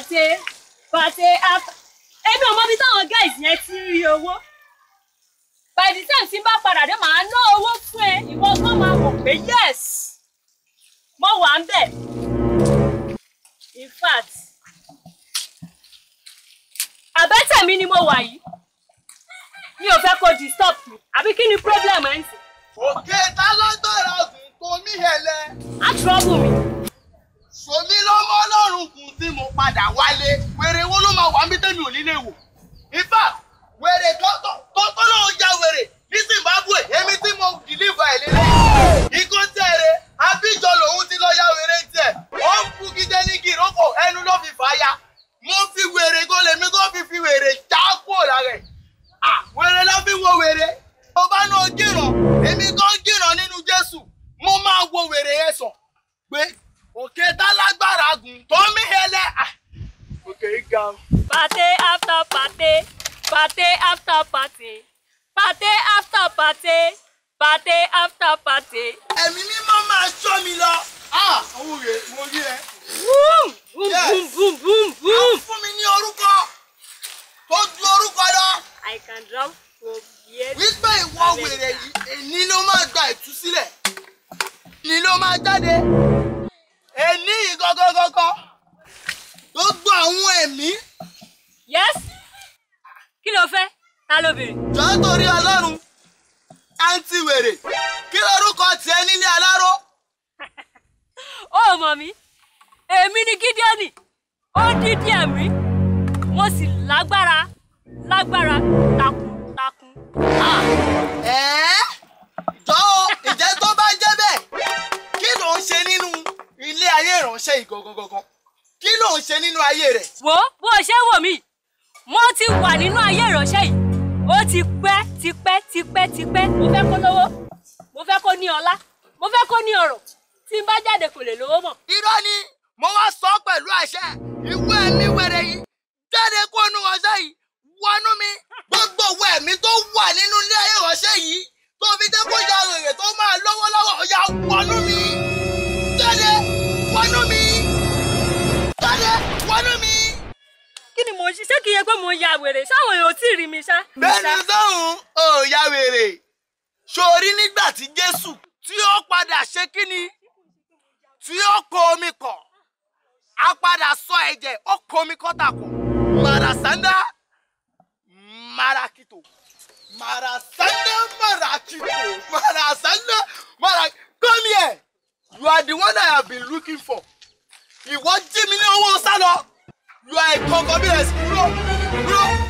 bàtẹ bàtẹ after èmi ò mọ ibi táwọn guys yẹn ti ń rí owó by the time tí n bá padà dé màá ná owó fún ẹ ìwọ kan máa wò pé yes mo wà ń bẹ̀ in fact àbẹ́tẹ̀ mi ni mo wà yìí mi ò fẹ́ kó disturb mi àbí kí ni problem ẹ̀ ń sìn. òkè ta ló gbọ́dọ̀ ọ̀gùn kò mí hẹlẹ. á trọ́bù mi. wèrè ṣáàkó lára ẹ̀ wèrè ló fi wo wèrè tó bá náà jìràn èmi kan jìràn nínú Jésù mo máa wo wèrè yẹn sàn pé òkè tálágbára gùn tó mí hẹlẹ òkè ga. pàtẹ after pàtẹ pàtẹ after pàtẹ pàtẹ after pàtẹ pàtẹ after pàtẹ. ẹ̀mí mímọ́ máa ṣọ́ mi lọ àwọn òye mo rí ẹ. wèrè yìí èní ló máa gba ìtúsílẹ̀ ni ló máa jáde èní yìí gọ́gọ́gọ́gọ́ gbogbo àwọn ẹ̀mí. yes kí ló fẹ́ ta ló bèrè. jọ torí ọlọ́run àǹtí wèrè kí lorúkọ tiẹ̀ nílé aláró. ó mọ̀ mí èmi ni gídíọ́nì ó dídí ẹ̀mí mo sì lágbára lágbára takuntakun ẹ̀ẹ́ tọ́ o ìjẹ́ tó bá jẹ́ bẹ́ẹ̀ kí ló ń ṣe nínú ilé ayé ìránṣẹ́ ìgangan kí ló ń ṣe nínú ayé rẹ̀. wo bó o ṣe wò mí mo ti wà nínú ayé ìránṣẹ́ yìí ó ti pẹ́ ti pẹ́ ti pẹ́ ti pẹ́ mo fẹ́ kó lówó mo fẹ́ kó ní ọlá mo fẹ́ kó ní ọrọ̀ tí n bá jáde kò lè lówó mọ́. irọ́ ni mo wá sọ pẹ̀lú àṣẹ ìwé mi wẹ̀rẹ̀ yìí jáde kó nu ọ̀sẹ̀ yìí wọnú mi gbogbo yá wọnú mi jáde wọnú mi jáde wọnú mi. kí ni mò ń ṣiṣẹ́ kí yẹ pé mò ń ya wèrè ṣáwọn èèyàn ò tí ì rí mi ṣá. bẹ́ẹ̀ni sóhun ò ya wèrè sórí nígbà tí jésù tí ó padà ṣe kí ni tí ó kó omi kọ̀ á padà sọ ẹ̀jẹ̀ ó kó omi kọ́ tàkọ̀ màràsándá marakito marasanda marakito marasa the one I have been looking for. Ìwọ jí Jimmy ní owó sálọ. You are a concomitant bro bro.